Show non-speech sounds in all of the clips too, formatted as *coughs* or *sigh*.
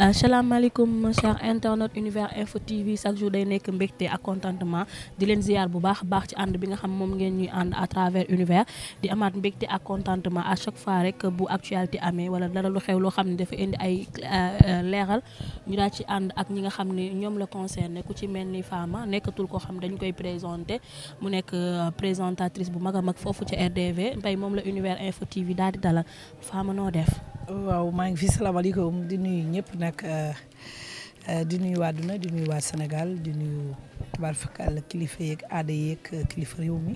asalaamaaleykum euh, cher internet univers info TV chaque jour day nekk mbégte ak contentement di leen ziar bu baax a baax ci ànd bi nga xam moom ngeen ñuy ànd à travers di amaat mbégte ak contentement chaque fois rek bu actualité amee wala dara lu loo xam ne dafa indi ay euh, euh, leeral ñu daal ci ànd ak ñi nga xam ne ñoom la concerné ku ci mel ni Fama nekkatul koo xam dañu koy présenté mu nekk présentatrice bu mag a mag foofu ca RDV mbay moom la univers info TV daal di dalal Fama noo def. waaw maa ngi fi salaamaaleykum di nuy ñëpp nag euh, euh, di nuyu waa duna di nuyu waa Sénégal di nuyu tubaar fakal kilifa yeeg aada yeeg kilifa réew mi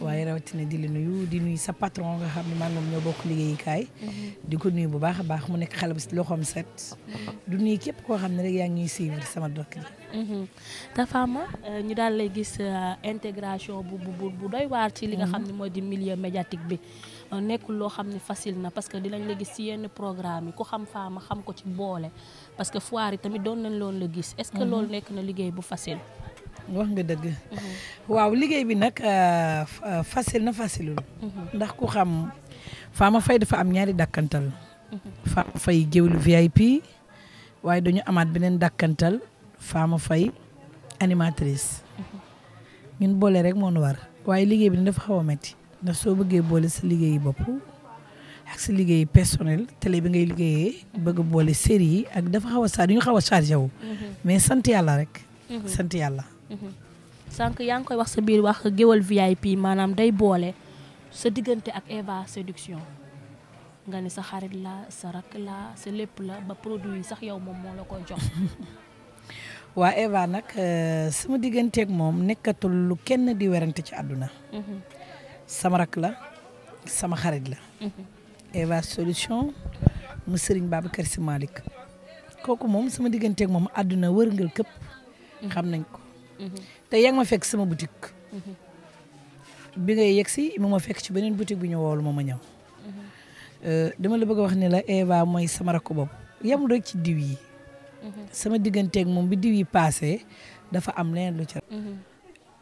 waaye rawatina di la nuyu di nuyu sa patron nga xam ne man moom ñoo bokk liggéeyukaay. Mhm. di ko nuyu bu baax a baax mu nekk xale bu si loxoom set. Mhm. du nuyu képp koo xam ne rek yaa ngi ñuy suivre sama dokk yi. Mhm. Tafama euh, ñu daal lay gis intégration bu bu bu doy waar ci li nga xam ne moo di milieu médiatique bi. nekkul loo xam ne facile na parce que dinañ la gis ci yenn programme yi ku xam faama xam ko ci boole parce que foire yi tamit doon nañ loon la gis est-ce que mhm. loolu nekk na liggéey bu facile wax nga dëgg mhm. waaw liggéey bi nag euh, euh, facile na facilul mhm. ndax ku xam faama fay dafa am ñaari dàkkantal faama fay géwlu VIP waaye dañu amaat beneen dàkkantal faama fay animatrice ñun boole rek moo nu war waaye liggéey bi dafa xaw a metti ndax soo bëggee boole sa liggéeyu bopp ak sa liggéey personnel télé bi ngay liggéeyee bëgg boole série yi ak dafa xaw a saa ñu xaw a chargé wu. Mm-hmm. mais sant yàlla rek. Mm-hmm. sant yàlla. Mm-hmm. sànq yaa ngi koy wax sa biir wax géwal VIP maanaam day boole sa diggante ak Eva séduction nga ni sa xarit la sa rakk la sa lépp la ba produit yi sax yow moom moo la koy jox. *laughs* waa Eva nag euh, sama digganteek moom nekkatul lu kenn di werante ci àdduna. sama rakk la sama xarit la. Mm-hmm. Eva solution mu Serigne Babacar Sy Malick kooku moom sama digganteeg moom àdduna wërngal këpp. Mm-hmm. xam nañ ko. Mm-hmm. te yag ma fekk sama boutique. bi ngay yegg si mu ma fekk ci beneen boutique bi ñu woolu ma ma ñëw. Euh, dama la bëgg a wax ne la Eva mooy sama rakk boobu yemul rek ci diw yi. sama digganteeg moom bi diw yi paase dafa am leneen lu ca.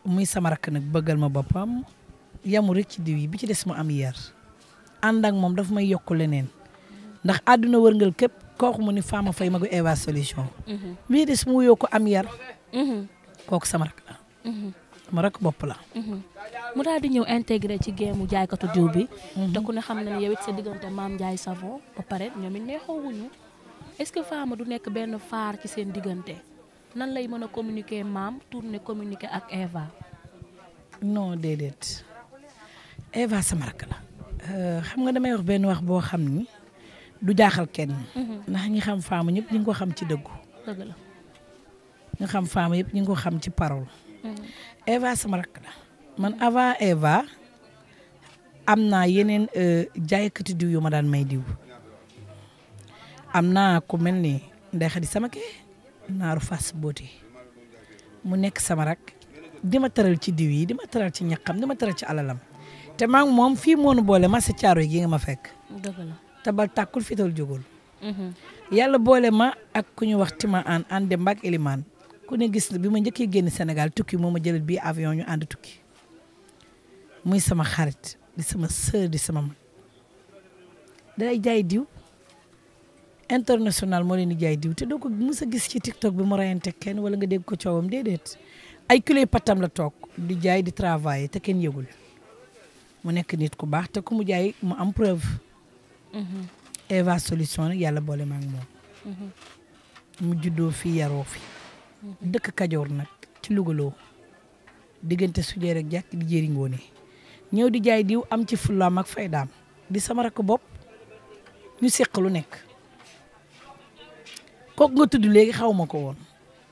muy sama rakk nag bëggal ma boppam. yamu rek ci diw yi bi ci des mu am yar ànd ak moom dafa may yokk leneen ndax àdduna wërngal képp kooku mu ni Fama Faye magu Eva solution. Mhm. bi des mu wuyoo am yar. Mhm. kooku sama rak la. Mhm. sama bopp la. mu daal di ñëw intégré ci géemu jaaykatu diw bi. te ku ne xam na ne yow it sa diggante maam Ndiaye Savon ba pare ñoom it neexoowuñu est-ce que Fama du nekk benn faar ci seen diggante nan lay mën a communiquer maam tourner communiquer ak Eva. non Eva sama rakk la. Euh, xam nga damay wax benn wax boo xam ni du jaaxal kenn. Mm-hmm. ndax ñi xam faamu ñëpp ñu ngi ko xam ci dëggu. dëgg la ñu xam faamu yëpp ñu ngi ko xam ci parole. Mm-hmm. Eva sama rakk la man avant Eva am naa yeneen euh, jaaykati diw yu ma daan may diw. am naa ku mel ni Ndeye Khady sama kee naaru fas booti mu nekk sama rak di ma ci diw yi di ma tëral ci ñaqam di ma tëral ci alalam. te maa moom fii moonu boole ma sa caaro yi ma fekk. dëgg la te bal tàkkul fital jógul. Mhm. yàlla boole ma ak ku ñu wax Tima an an dem ak gis na bi ma njëkkee génn senegal tukki moo ma jëlal bii avion ñu ànd tukki muy sama xarit di sama sœur di sama mag day jaay diw international moo leen di jaay diw te doo ko sa gis ci TikTok bi mu rayante kenn wala nga dégg ko coowam déedéet ay kilo patam la toog di jaay di travailler te kenn yëgul. mu nekk nit ku baax te ku mu jaay mu am preuve. Mm-hmm. Eva solution nag yàlla boole ma ak moom. Mm-hmm. mu juddoo fii yaroo fi. Mm-hmm. dëkk Kajoor nag ci Louga diggante sujee rek jàkk di jëriñ ñëw di jaay diw am ci fullaam ak faydaam di sama rakk bopp ñu seq lu nekk kooku nga tudd léegi xaw ma ko woon.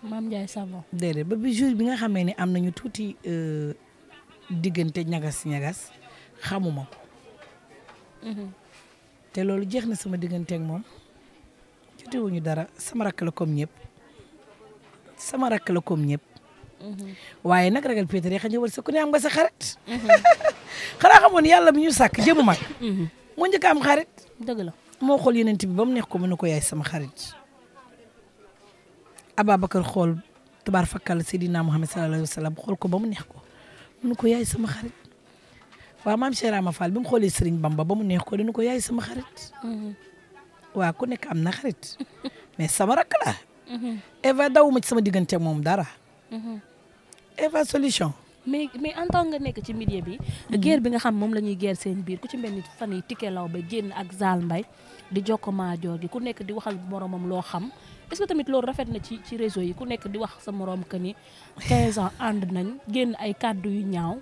maam Ndiaye Savon. déedéet ba bi jour bi nga xamee ni am nañu tuuti euh, diggante ñagas ñagas. xamuma ko mhm. te loolu jeex na sama digganteeg moom jotewuñu dara sama rakk la comme ñëpp sama rakk la comme ñëpp mhm. waaye nag ragal péetar yi xa ñëwal sa ku ne am nga sa xarit mhm. *laughs* xanaa xamoon yàlla mi ñu sàkk jëmu mag moo njëkk am xarit dëgg la moo xool yeneen bi ba mu neex ko mën na ko yaay sama xarit Ababacar xool tubaar fakal Seydina Muhammad sallallahu alayhi wa sallam xool ko ba mu neex ko mën na ko sama xarit waaw maam Cheikh Rama Fall bi mu xoolee Serigne Bamba ba mu neex ko dina ko yaay sama xarit. Mm-hmm. waa ku nekk am na xarit *laughs* mais sama rakk la. Mm-hmm. Eva daw ma ci sama diggante moom dara. Mm-hmm. Eva solution. mais mais en tant nga nekk ci milieu bi. guerre bi nga xam moom la ñuy guerre seen biir ku ci mel ni fan yii Tické Laobé génn ak Zal Mbaye di jokko maajoor gi ku nekk di waxal moromam loo xam est que tamit loolu rafet na ci ci réseau yi ku nekk di wax sa morom que ni 15 ans ànd nañ génn ay kàddu yu ñaaw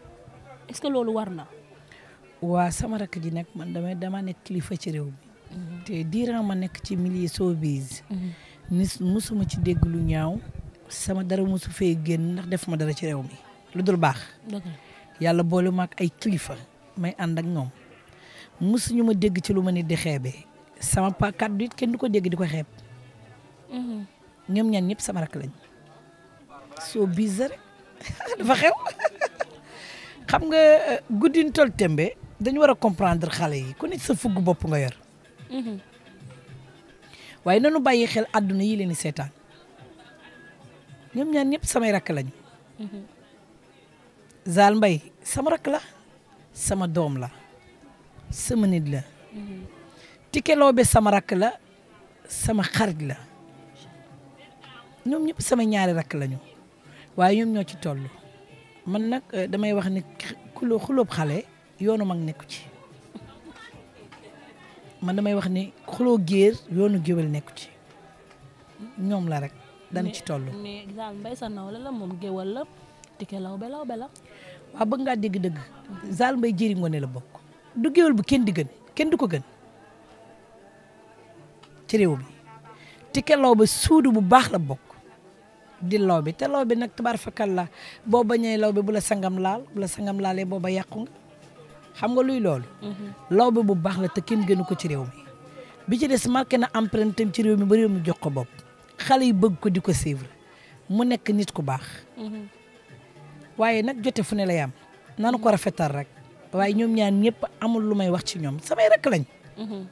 est loolu war na. waa sama rakk ji nag man damay dama nekk kilifa ci réew mi mhm. te diiran ma nekk ci milieu showbiz mhm. ni musuma ci dégg lu ñaaw sama dara mosu fee génn ndax def ma dara ci réew mi lu dul baax yàlla boole ma ay kilifa may ànd ak ñoom mosuñu ma dégg ci lu ma nit di xeebee sama pa kàddu it kenn du ko dégg di ko xeeb mhm. ñoom ñaan ñëpp sama rakk lañ soo bizarre *laughs* dafa xew *laughs* xam nga eh, guddin tembe dañu war a comprendre xale yi ku nekk sa fugg boppu nga yor. Mhm. waaye nanu bàyyi xel àdduna yi leen di seetaan ñoom ñaan ñëpp samay rakk lañu. Mhm. Zal Mbaye sama rakk la sama doom la sama nit la. Mhm. Tické Laobé sama rakk la sama xarit la ñoom ñëpp sama ñaari rakk lañu waaye ñoom ñoo ci toll man nag eh, damay wax ni xulóob xale. yoonu mag nekku ci man may wax ni xuloo géer yoonu géwél nekku ci ñoom la rek dana ci toll. mais Zane sa nawla la moom géwél la Tické Lawbe Lawbe la. waaw bëgg ngaa dégg dëgg Zane Mbaye jëri ngoone la bokk du géwél bu kenn di gën kenn du ko gën ci réew mi Tické Lawbe suudu bu baax la bokk di lawbe te lawbe nag tabaar fakal la boo bañee lawbe bu la sangam laal bu la sangam laalee booba yàqu xam nga luy loolu. Mm-hmm. lawbe bu baax la te kenn gënu ko ci réew mi. bi ci des marqué na empreinte am ci réew mi ba réew mi jox ko bopp xale yi bëgg ko di ko suivre mu nekk nit ku baax. Mm-hmm. waaye nag jote fu ne la yam nanu ko rafetal rek waaye ñoom ñaan ñëpp amul lu may wax ci ñoom samay rek lañ. Mm-hmm.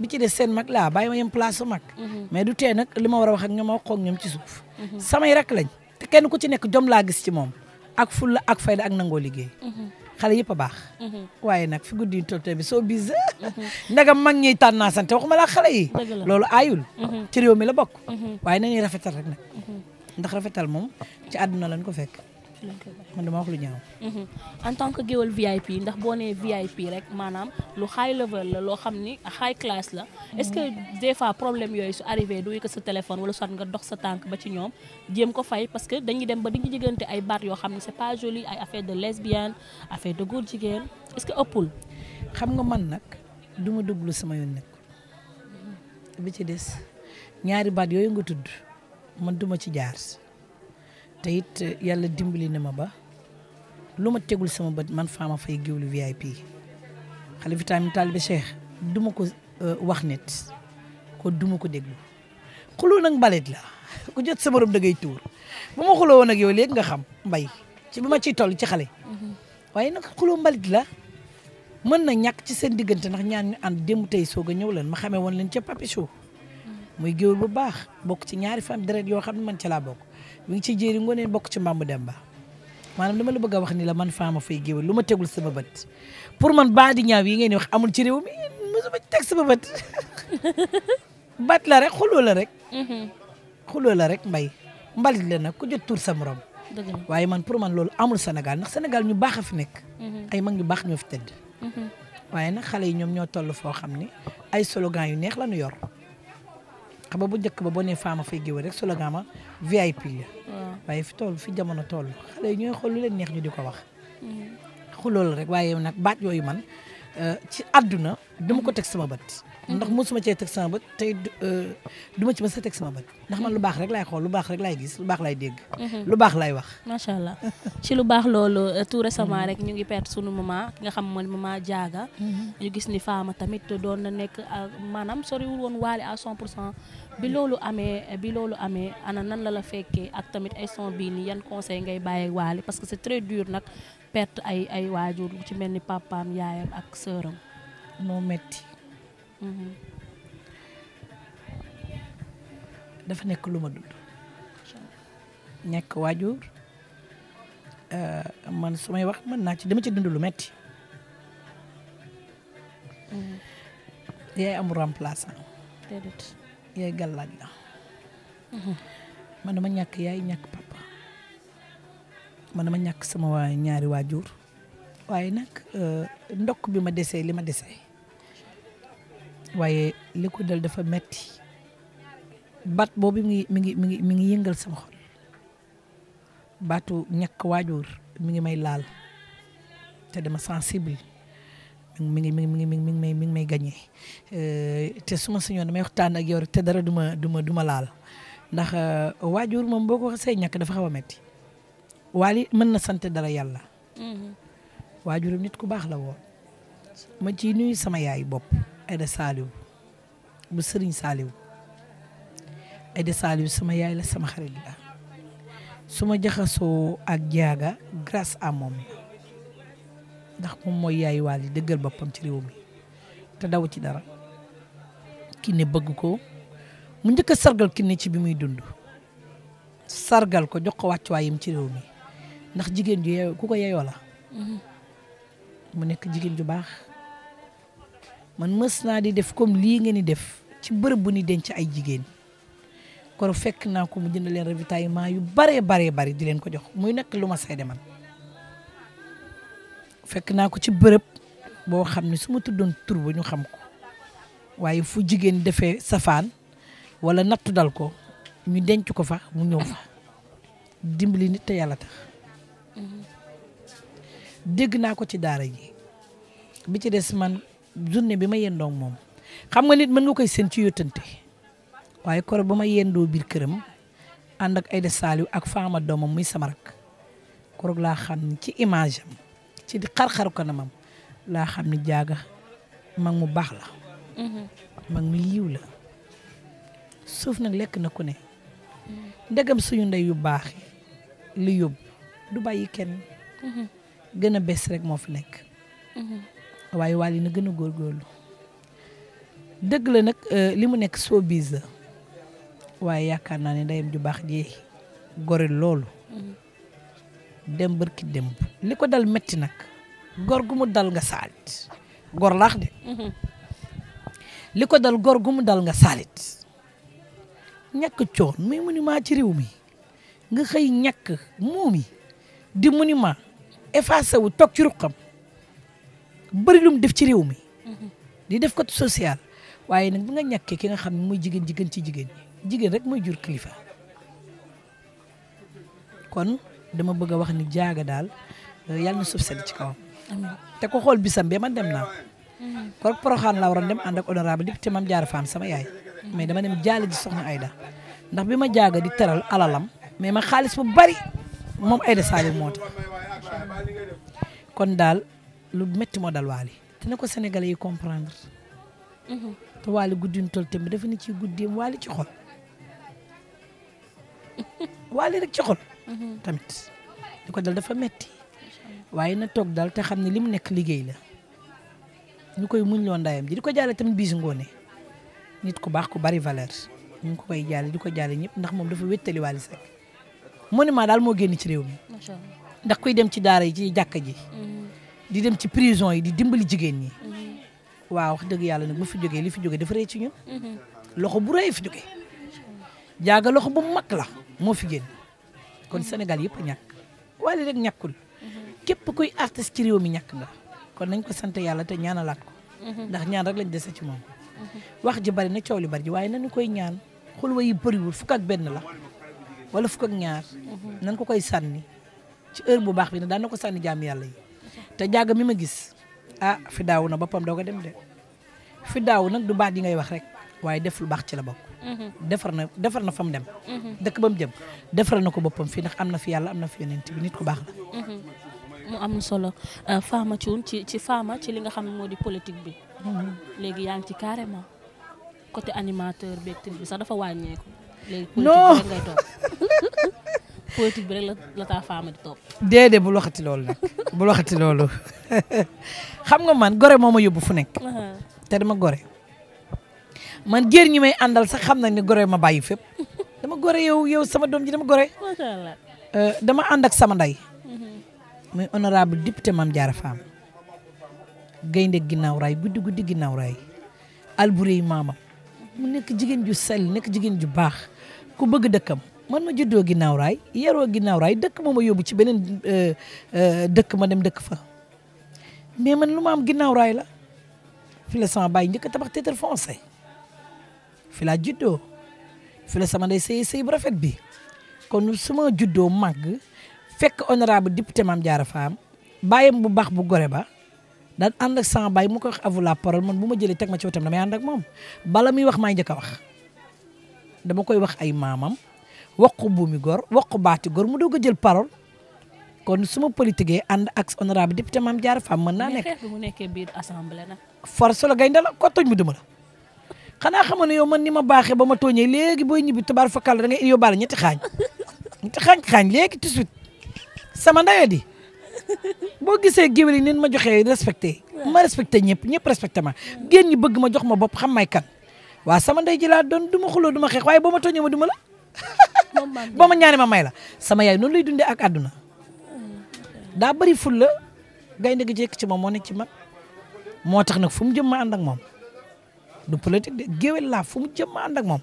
bi ci des seen mag laa bàyyi ma yem place su mag. mais du tee nag li ma war a wax ak ñoom ma wax ñoom ci suuf. samay rek lañ kenn ku ci nekk jom laa gis ci moom ak fulla ak fay ak nangoo liggéey. xale yëpp a baax. Mhm. waaye nag fi guddi toltee bi soo bis. Mhm. *laughs* ndagam mag ñiy tànnaa sante waxuma la xale yi. loolu ayul mhm. ci réew mi la bokk. waaye nañuy rafetal rek nag. ndax rafetal moom ci àdduna lañ ko fekk. man dama wax lu ñaaw. Mhm. en tant que géwal VIP ndax boo nee VIP rek maanaam lu high level la loo xam ni high class la. est-ce que des fois problème yooyu su arrivé du ko sa téléphone wala soit nga dox sa tànk ba ci ñoom jéem ko fay parce que dañuy dem ba di jigante ay baat yoo xam ne c'est pas joli ay affaire de lesbienne affaire de góor jigéen est-ce que ëppul. xam nga man nag duma ma sama yoon nag bi ci des ñaari baat yooyu nga tudd man duma ci jaar. te it eh, yàlla dimbali na ma ba lu ma tegul sama bët man faama fay géwlu VIP xale vitamine taalibe Cheikh duma ko eh, wax net ko duma ko déglu xuloo nag mbalit la *laughs* ko jot sa borom da ngay tuur bu ma xuloo woon ak yow léegi nga xam mbay ci bi ma ciy tol ci xale mhm. waaye nag xuloo mbalit la man na ñàkk ci seen diggante na ñaan ñu ànd démb tey soog a ñëw leen ma xamee woon leen ca Papi Show mhm. muy géwél bu baax bokk ci ñaari femme deret yoo xam ne man ca laa bokk mi ngi ciy jéeri ngoonee bokk ci Mbambu Demba maanaam dama la bëgg a wax ni la man Fama Faye géwél lu ma tegul sama bët pour man baa di ñaaw yi ngeen wax amul ci réew mi mosuma ci teg sama bët *laughs* bat la rek xuloo la rek. Mhm. xuloo la rek mbay mbalit la na ko jot tur sa morom. waaye man pour man loolu amul Sénégal ndax Sénégal ñu baax a fi nekk. Mhm. ay mag ñu baax ñoo fi tëdd. Mhm. waaye na xale yi ñoom ñoo toll foo xam ni ay slogan yu neex la ñu bu njëkk ba boo nee VIP la. waaye fi toll fi jamono toll xale ñooy xool lu leen neex ñu di ko wax. Mm-hmm. xuloo la rek waaye nag baat yooyu man euh, ci àdduna dama ko teg sama bët. Mm-hmm. ndax mosuma cee teg sama ba tey du euh, ma ci mës sa teg sama bët ndax man lu baax rek laay xool lu baax rek lay gis lu baax lay dégg. Mm-hmm. lu baax lay wax. macha allah ci lu baax loolu euh, tout récemment mm-hmm. rek ñu ngi perte sunu maman ki nga xam mooy maman jaaga ñu gis ni Fama tamit doon na nekk euh, maanaam soriwul woon waale à 100 pour cent bi loolu amee bi loolu amee ana nan la la fekkee ak tamit ay son bii nii yan conseil ngay bàyyi waale parce que c'est très dur nag perte ay ay waajur ci mel ni papaam yaayam ak sœuram. moo metti Mm-hmm. dafa nekk lu ma dund ñàkk waajur uh, man su may wax mën naa ci dama ci dund lu metti mm-hmm. yaay amul remplaçant yaay gàllaaj la mm-hmm. man dama ñàkk yaay ñàkk papa man dama ñàkk sama waa ñaari waajur waaye nag uh, ndok bi ma desee li ma desee waaye li ko dal dafa metti baat boobu mi ngi mi ngi mi ngi mi ngi yëngal sama xol baatu ñàkk waajur mi ngi may laal te dama sensible mi ngi mi mi ngi mi ngi may mi ngi may gañe euh, te suma ma sañoon damay waxtaan ak te dara duma duma duma laal ndax euh, waajur moom boo ko xasee ñàkk dafa xaw a metti waali mën na sant dara yàlla. Mm-hmm. waajuram nit ku baax la woon ma ciy nuyu sama yaay bopp. Aida Saliou mu Serigne Saliou Aida Saliou sama yaay la sama xarit la su ma jaxasoo ak jaaga grâce à moom ndax moom mooy yaay waal yi dëggal boppam ci réew mi te daw ci dara Kiné bëgg ko mu njëkk a sargal Kiné ci bi muy dund sargal ko jox ko wàccuwaayam ci réew mi ndax jigéen ju yeew ku ko yeeyoo mm-hmm. mu nekk jigéen ju baax man mës naa di def comme lii ngeen di def ci bërëb bu ni denc ay jigéen kon fekk naa ko mu jënd leen ravitaillement yu baree baree bari di leen ko jox muy nekk lu ma seede man fekk naa ko ci bërëb boo xam ne su ma tuddoon tur ba ñu xam ko waaye fu jigéen defee safaan wala nattu dal ko ñu denc ko fa mu ñëw fa dimbali nit te yàlla tax mm-hmm. dégg naa ko ci daara ji bi ci des man journée bi ma yendoog moom xam nga nit mën nga koy seen ci yottante waaye koro ba ma yendoo biir këram ànd ak Aïda Saliou ak Fama doomam muy sama rak koroog laa xam ci image am ci di xar-xaru kanamam laa xam ni jaaga mag mu baax la mhm. mag mu yiw la suuf nag lekk na ku ne mhm. ndegam suñu ndey yu baax li yóbbu du bàyyi kenn mhm. gën a bés rek moo fi nekk waaye Wally na gën a góorgóorlu dëgg la nag euh, li mu nekk showbiz la waaye yaakaar naa ne ndeyam ju baax ji gore loolu mm-hmm. dem bërki dem li ko dal metti nag gor gu mu dal nga saalit gor laax mm-hmm. li ko dal gor gu mu dal nga saalit ñàkk coon muy monument ci réew mi nga xëy ñàkk moom yi di monument effacé wu toog ci ruqam bari lu mu def ci réew mi. Mhm. di def ko social. waaye nag bi nga ñàkkee ki nga xam ne mooy jigéen jigéen ci jigéen jigéen rek mooy jur kilifa. kon dama bëgg a wax ni jaaga daal euh, yàlla na suuf sedd ci kawam. te ko xool bisam be man dem naa ko. Mhm. kon Porokhane laa waroon dem ànd ak honorable député Mame jaar Fam sama yaay. Mhm. mais dama dem jaale ji soxna Aida ndax bi ma jaaga di teral alalam mais ma xaalis bu bari moom Aida Saliou moo tax kon daal lu metti moo dal waali te na ko sénégalais yi comprendre. Mhm. te waali guddi ñu toll tamit dafa ni ci guddeem waali ci xol. *laughs* waali rek ci xol. Mhm. tamit li ko dal dafa metti waaye na toog dal te xam ne li mu nekk liggéey la. ñu koy mu loon ndayam ji di ko jaale tamit biisi ngoone nit ku baax ku bari valeur ñu ngi ko koy jaale di ko jaale ñëpp ndax moom dafa wéttali Wally Seck maa daal moo génn ci réew mi. ndax kuy dem ci daara yi ci jàkka ji. Mhm. di dem ci prison yi di dimbali jigéen ñi. waaw wax dëgg yàlla nag bu fi jógee li fi jógee dafa rëy ci ñun. loxo bu rëy fi jógee. jaaga loxo bu mag la moo fi génn. kon Sénégal yëpp ñàkk wala rek ñàkkul. képp kuy artiste ci réew mi ñàkk nga. kon nañ ko sant yàlla te ñaanalaat ko. ndax ñaan rek lañ dese ci moom. wax ji bari na coow li bari ji waaye nañu koy ñaan xulwa yi bëriwul fukk ak benn la wala fukk ak ñaar. nañ ko koy sànni ci heure bu baax bi ne daan na ko sànni jaam yàlla te jàgg mi ma gis ah fi daaw na boppam doo ko dem de fi daaw nag du baat yi ngay wax rek waaye def lu baax ci la bokk. Mhm. defar na defar na fa mu dem. Mhm. dëkk ba mu jëm defar na ko boppam fii ndax am na fi yàlla am na fi yeneen bi nit ku baax la. Mhm. mu am solo euh, Fama Thioune ci ci Fama ci li nga xam ne moo di politique bi. léegi yaa ngi ci carrément côté animateur beeg bi sax dafa wàññeeku. léegi politique ngay toog *laughs* politique bi la la taa faama di topp. déedéet bul waxati loolu nag bul waxati loolu xam nga man gore moo ma yóbbu fu nekk. te dama gore. man jéer ñi may àndal sax xam nañ ne gore ma bàyyi fépp dama gore yow yow sama doom ji dama gore. Euh, dama ànd ak sama nday mhm. muy honorable député Mame Diarra Fam. gaynde ginnaaw raay guddi guddi ginnaaw raay alburey maamam nekk jigéen ju sell nekk jigéen ju baax ku bëgg dëkkam man ma juddoo ginnaaw raay yaroo ginnaaw raay dëkk ma ma yóbbu ci beneen euh, euh, dëkk ma dem dëkk fa mais man lu ma am ginnaaw raay la fi la sama baay njëkk a tabax téetar foncé fi laa juddoo fi sama ndey sëy sëy bu rafet bi kon suma juddoo màgg fekk honorable député Mame Diarra Fam bàyyam bu baax bu gore ba daan ànd ak sama baay mu ko wax avu la parole bu ma jëlee teg ma ci wetam damay ànd ak moom bala muy wax maa njëkk a wax dama koy wax ay maamam waqu buumi gor waqu baati gor mu doog a jël parole kon su ma politique ànd ak honorable député Mame Diarra Fam mën naa nekk. mais mu nekkee biir assemblée nag. force la gaynde la ko tooñ mu duma la xanaa xamoon ne yow man ni ma baaxee ba ma tooñee léegi booy ñibbi tubaar fakal da ngay yóbbaale ñetti xaañ *laughs* ñetti xaañ xaañ léegi tout de suite sama ndayo di boo gisee géwél yi nin ma joxee respecté ma respecté ñëpp ñëpp respecté ma génn ñi bëgg ma jox ma bopp xam may kan waa sama ndey ji laa doon du ma xuloo du ma xeex waaye boo ma tooñee ma la boo ma ñaanee ma may la sama yaay noon lay dundee ak àdduna daa bëri ful gaynde gi jékki ci moom moo nekk ci mag moo tax nag fu mu jëm ma ànd ak moom du politique de géwél laa fu mu jëm ànd ak moom.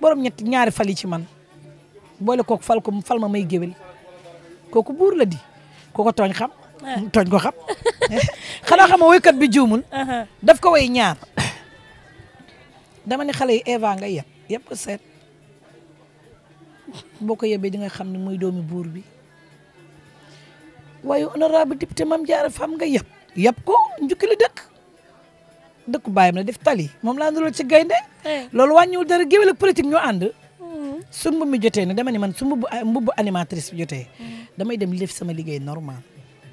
borom ñetti ñaari fal yi ci man boole kooku fal ko fal ma may géwél kooku buur la di kooko tooñ xam. Ah. tooñ ko xam *laughs* *laughs* xanaa xam nga woykat bi juumul. Uh-huh. daf ko way ñaar *coughs* dama ne xale yi Eva ngay yeb yeb seet. boo ko yebee di nga xam ne mooy doomi buur bi waaye honorable député Mame Diarra Fam nga yab yab ko njukki la dëkk dëkk bàyyam la def tali moom laa ndural ci gaynde eh. loolu wàññiwul dara géwél ak politique ñoo ànd hmm. su mbubb jotee ne dama ne man su mbubb mbubbu animatrice bi jotee hmm. damay dem li def sama liggéey normal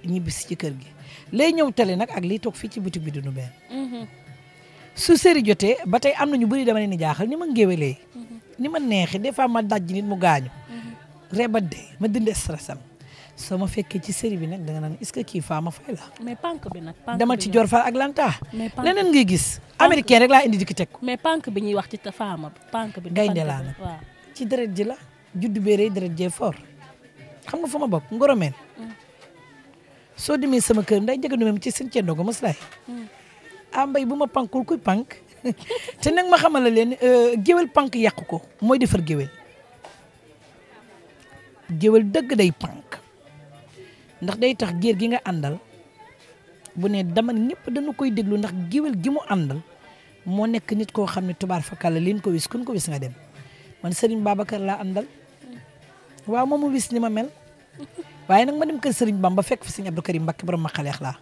ñibbisi ci kër gi lay ñëw télé nag ak lii toog fii ci boutique bi du nu benn hmm. su série jotee ba am na ñu bëri dama ne ni jaaxal ni ma ngéwelee ni ma neexee de fois ma daj nit mu gaañu. Mm-hmm. rebat de ma dindi stress am soo ma fekkee ci série bi nag danga naan est-ce que kii faa a fay la. mais pank bi nag dama ci jor fa ak lanta. mais pank leneen ngay gis. américain rek laa indi di ki teg ko. mais pank bi ñuy wax ci faama pank bi. gaynde laa nag ci deret ji la. juddu bee rey deret jee fort xam nga foo ma bokk ngoromeen. Mm. soo demee sama kër nday njëkk a ci seen cee ndogu mos laay. Mm. ah mbay bu ma pankul kuy pank. *laughs* te nag ma xamal leen euh, géwél pànk yàq ko mooy defar géwél géwél dëgg day pànk ndax day tax géer gi nga àndal bu ne dama ñëpp dañu koy déglu ndax géwél gi mu àndal moo nekk nit koo xam ne tubaar fakàlla leen ko wis kun ko wis nga dem man Serigne Babacar laa àndal waaw moom mu wis ni ma mel waaye nag ma dem kër Serigne Bamba fekk fi Serigne Abdou Karim Mbacké borom ma xaleex laa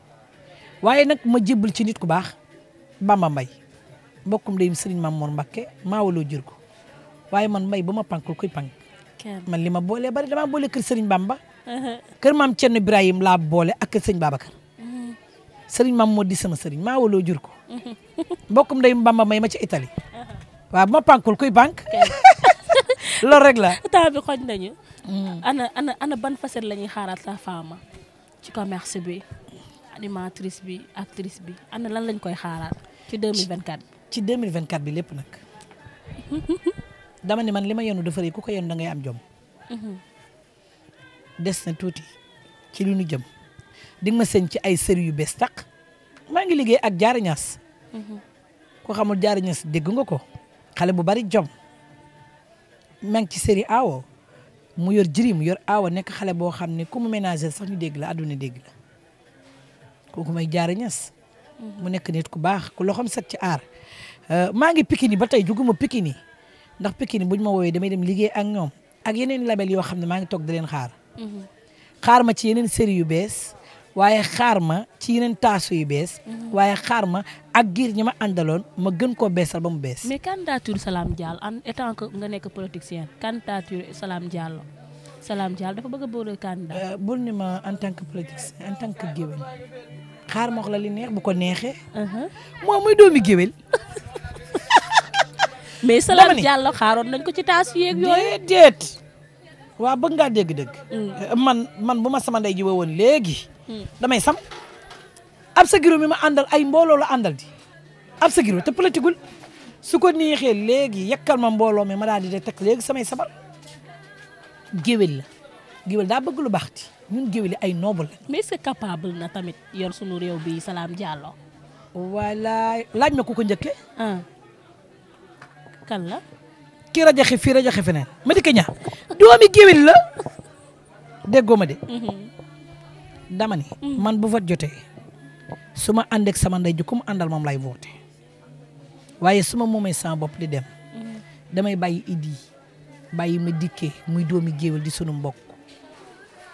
waaye nag ma jébbal ci nit ku baax Bamba Mbaye mbokkum ndeyum sëriñ Mamour Mbakke maawaloo jur ko waaye man may ba ma pànkul kuy pànk man li ma boolee bari damaa boole kër sëriñ Bamba uh-huh. kër maam Thierno Ibrahim laa boole ak kër sëñ Babacar uh-huh. sëriñ Mamour di sama sëriñ maawaloo jur ko uh-huh. mbokkum day Bamba may ma ci itali waaw ba ma pànkul kuy pànk *laughs* loolu rek la temps bi xoj nañu mm. ana ana ban facette la ñuy xaaraat sa faama ci commerce bi animatrice bi actrice bi ana lan lañ koy xaaraat ci 2024 ci 2024 bi lépp nag dama ne man li ma yenu dafa ko yenu dangay am jom des na tuuti ci li nu jëm di ma seen ci ay série yu bees tàq maa ngi liggéey ak Diarra Niass ku xamul Diarra Niass dégg ko xale bu bari jom maa ngi ci série aawo mu yor jiri mu yor aawa nekk xale boo xam ne ku mu ménager sax ñu dégg la àdduna dégg la kooku may Diarra mu nekk nit ku baax ku loxoom set ci aar euh, maa ngi Pikine ba tey juguma Pikine ndax Pikine buñ ma woowee damay dem liggéey ak ñoom ak yeneen label yoo xam ne maa ngi toog di leen xaar mhm. xaar ma ci yeneen série yu bees waaye xaar ma ci yeneen taasu yu bees mhm. waaye xaar ma ak giir ñi ma àndaloon ma gën koo beesal ba mu bees mais candidature Salam Diallo en étant que nekk politicien candidature Salam Diallo Salam Diallo dafa bëgg a boole candidat euh, bul ni ma en tant que politicien en tant que géwél xaar ma la li neex bu ko neexee. Uh-huh. moom mooy doomi géwél. *laughs* mais Salam Diallo xaaroon nañ ko ci taas yeeg yooyu. déet waa bëgg ngaa dégg-dégg. Mm. Eh, man man ma sama ndey woon léegi. Mm. damay sam ab sa giro mi ma àndal ay mbooloo la àndal di ab sa giro te politigul su ko neexee léegi yekkal ma mbooloo mi ma daal di teg léegi samay sabar géwél la. géwél daa bëgg lu baax ti ñun géwél ay noble la. mais est-ce que capable na tamit yor sunu réew bi Salam Diallo. voilà laaj ma ku ko njëkke ah. kan la. kii rajo xi fii rajo xi feneen ma di ko ñaax doomi géwél la déggoo ma de. Mm-hmm. dama ni mm. man bu vote jotee su ma ànd ak sama ndey ji ku mu àndal moom lay voté waaye su ma moomee sama bopp di dem mm-hmm. damay bàyyi Idi bàyyi ma dikkee muy doomi géwél di sunu mbokk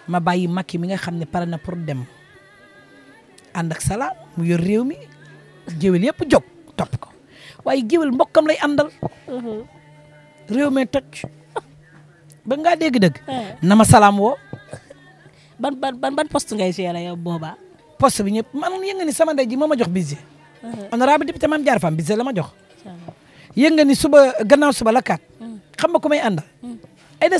ma bàyyi makki mi nga xam ne pare na pour dem ànd ak salaam mu yor réew mi géwél yëpp jóg topp ko waaye géwél mbokkam lay àndal. Mm-hmm. réew mi toj ba ngaa dégg-dégg. Eh. na ma salaam woo. ban ban ban poste ngay gérer booba boobaa. poste bi ñëpp man yëngu ni sama ndey ji moo ma jox budget. Mm-hmm. honorable député Mame Diarra Fam budget la ma jox. yëngu ni suba gannaaw suba la kaat. Mm. xam nga ku may àndal. Mm. Aïda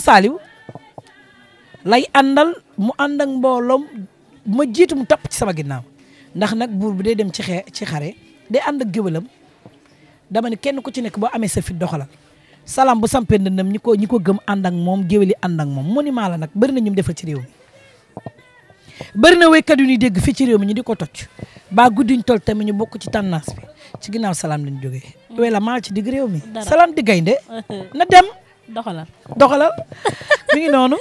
lay àndal mu ànd ak mbooloom ma jiitu mu topp ci sama ginnaaw ndax nag buur bi day dem ci xee ci xare day ànd ak géwalam dama ne kenn ku ci nekk boo amee sa fit doxalal salaam bu sampee ndëndam ñi ko ñi ko gëm ànd ak moom géwali ànd ak moom monument la nag bëri na ñu defal ci réew mi bëri na wéykat yu ñuy dégg fii ci réew mi ñi di ko toj ba guddiñ tol tamit ñu bokk ci tendance bi ci ginnaaw salaam lañ jógee mm. wela maal ci digg réew mi salaam di gaynde *laughs* na dem doxalal doxalal mi ngi noonu.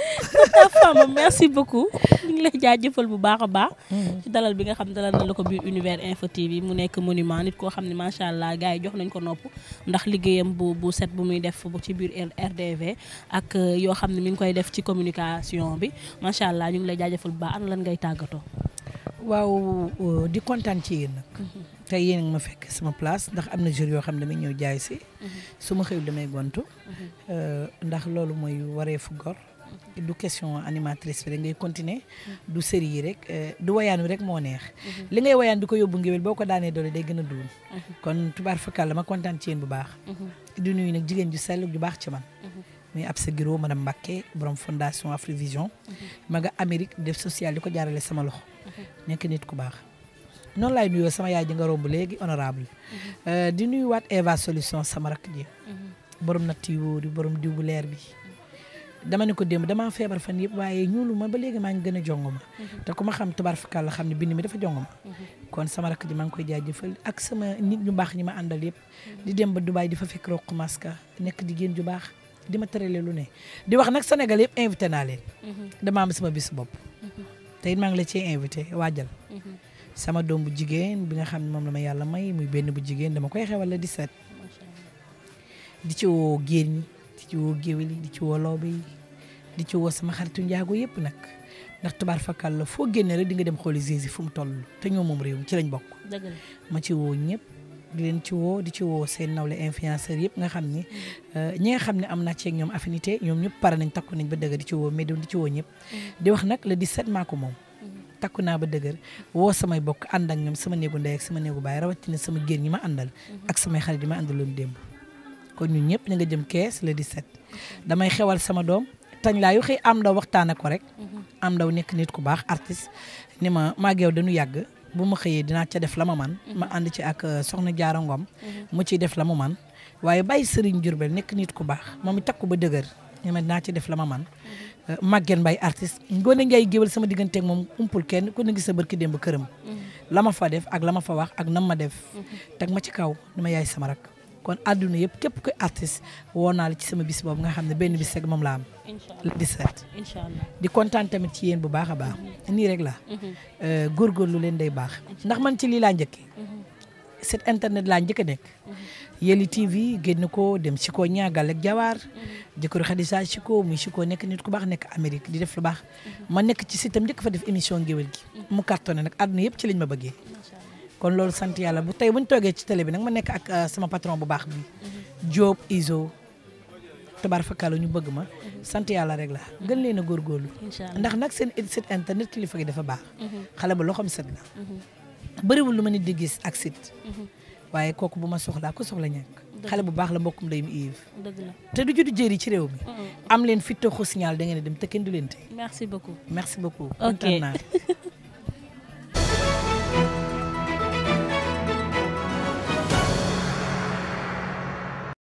Fama merci beaucoup. ñu ngi lay jaajëfal bu baax a baax. Mm. ci dalal bi nga xam dalal na la ko biir Univers Info TV mu nekk monument nit koo xam ne macha allah gars yi jox nañ ko nopp ndax liggéeyam bu bu set bu muy def ci biir RDV ak euh, yoo xam ne mi ngi koy def ci communication bi macha allah ñu ngi lay jaajëfal bu baax ana lan ngay tàggatoo. waaw euh, di kontaan ci yéen nag. Mm-hmm. tey yéen ma fekk sama place ndax am na jour yoo xam ne damay ñëw jaay si. Mhm. su ma xëyul damay gontu. Mhm. Euh, ndax loolu mooy waree fu gor. Mhm. du question animatrice bi rek ngay continuer du série yi rek euh, du wayaan wi rek moo neex li ngay wayaan di ko yóbbu ngéwél boo ko daanee doole day gën a duun kon tubaar fakal la ma kontaan ci yéen bu baax du nuyu nag jigéen ju sell ju baax ci man muy ab ma giro madame Mbacké borom fondation Afrivision ma Amérique def social di ko jaarale sama loxo nekk nit ku baax noonu laay nuyoo sama yaay ji nga bu léegi honorable mm-hmm. euh, di nuyuwaat Eva solution sama rakk ji mm-hmm. borom natt yu wóor borom diw bu leer bi mm-hmm. dama ne ko démb damaa feebar fan yëpp waaye ñuulu ma ba léegi maa ngi gën a jong ma te ku ma xam tabarfakal la xam ne bind mi dafa jong kon sama rakk ji maa ngi koy jaajëfal ak sama nit ñu baax ñi ma àndal yëpp di dem ba Dubaay di fa fekk roq maska nekk di jigéen ju baax di ma tërale lu ne di wax nag Sénégal yëpp invité naa leen dama am sama bis bopp te it ngi la cee invité waajal sama doom bu jigéen bi nga xam ne moom la ma yàlla may muy benn bu jigéen dama koy xewal la di set di ci woo géer ñi di ci woo géwél di ci woo loobe di ci woo sama xaritu njaago yëpp nag ndax tubaar fakkal la foo génne rek di dem xooli Zizi fu mu toll te ñoo moom réew mi ci lañ bokk. ma ci ñëpp di leen ci woo di ci woo seen nawle influenceur yëpp nga xam ne mm-hmm. ñi nga xam ne am naa ceeg ñoom affinité ñoom ñëpp pare nañ takku nañ ba dëgg di ci woo Médoune di ci woo ñëpp. Mm-hmm. di wax nag le 17 maa ko moom. takku naa ba dëgër woo samay bokk ànd ak ñoom sama néegu ndey ak sama néegu baay rawatina sama génn ñi ma àndal mhm. ak samay xarit yi ma àndaloon démb kon ñu ñëpp ñu nga jëm kees le 17 damay xewal sama doom tañ laa yu xëy am ndaw waxtaan ak ko rek mhm. am ndaw nekk nit ku baax artiste ni ma maag dañu yàgg bu ma xëyee dinaa ca def la ma man mhm. ma ànd ci ak euh, soxna Jaara Ngom mu ciy def la ma man waaye bàyyi sëriñ Jurbel nekk nit ku baax moom it takku ba dëgër ni ma dinaa ci def la ma man Euh, Maguette Mbaye artiste Ngoné Ndiaye géwél sama digganteek moom umpul kenn ku ne gis sa barki démb këram. Mhm. la ma fa def ak la ma fa wax ak nam ma def. Mhm. teg ma ci kaw ni ma yaay sama rak kon àdduna yëpp képp koy artiste woo naa la ci sama bis boobu nga xam ne benn bis rek moom la am. la di seet di kontaan tamit ci yéen bu baax a baax. Mhm. nii rek la euh, góorgóorlu leen day baax. ndax man ci lii laa njëkkee. site internet laa njëkk a nekk. Yelli TV génn ko dem si ko ñaagal ak jawaar. jëkkëru Xadisa si ko sikoo nekk nit ku baax nekk Amérique di def lu baax. ma nekk ci sitam njëkk fa def émission ngéwél gi. mu cartonné nag àdduna yëpp ci lañ ma bëggee. kon loolu sant yàlla bu tey bu ñu toogee ci télé bi nag ma nekk ak euh, sama patron bu baax bi. Diop Iso tabar fakalo ñu bëgg ma. sant yàlla rek la gën leen a góorgóorlu. ndax nag seen site internet kilifa gi dafa baax. Mhm. xale ba loxoom set na. Mhm. bëriwul lu ma nit di gis ak site. Mhm. waaye kooku bu ma soxlaa ko soxla ñàkk. xale bu baax la mbokkum ndeyum Yves. dëgg la te du juddu jéeri ci réew mi. Mhm. am leen fit te xu signal da ngeen dem te kenn du leen tey. merci beaucoup merci beaucoup. ok *laughs*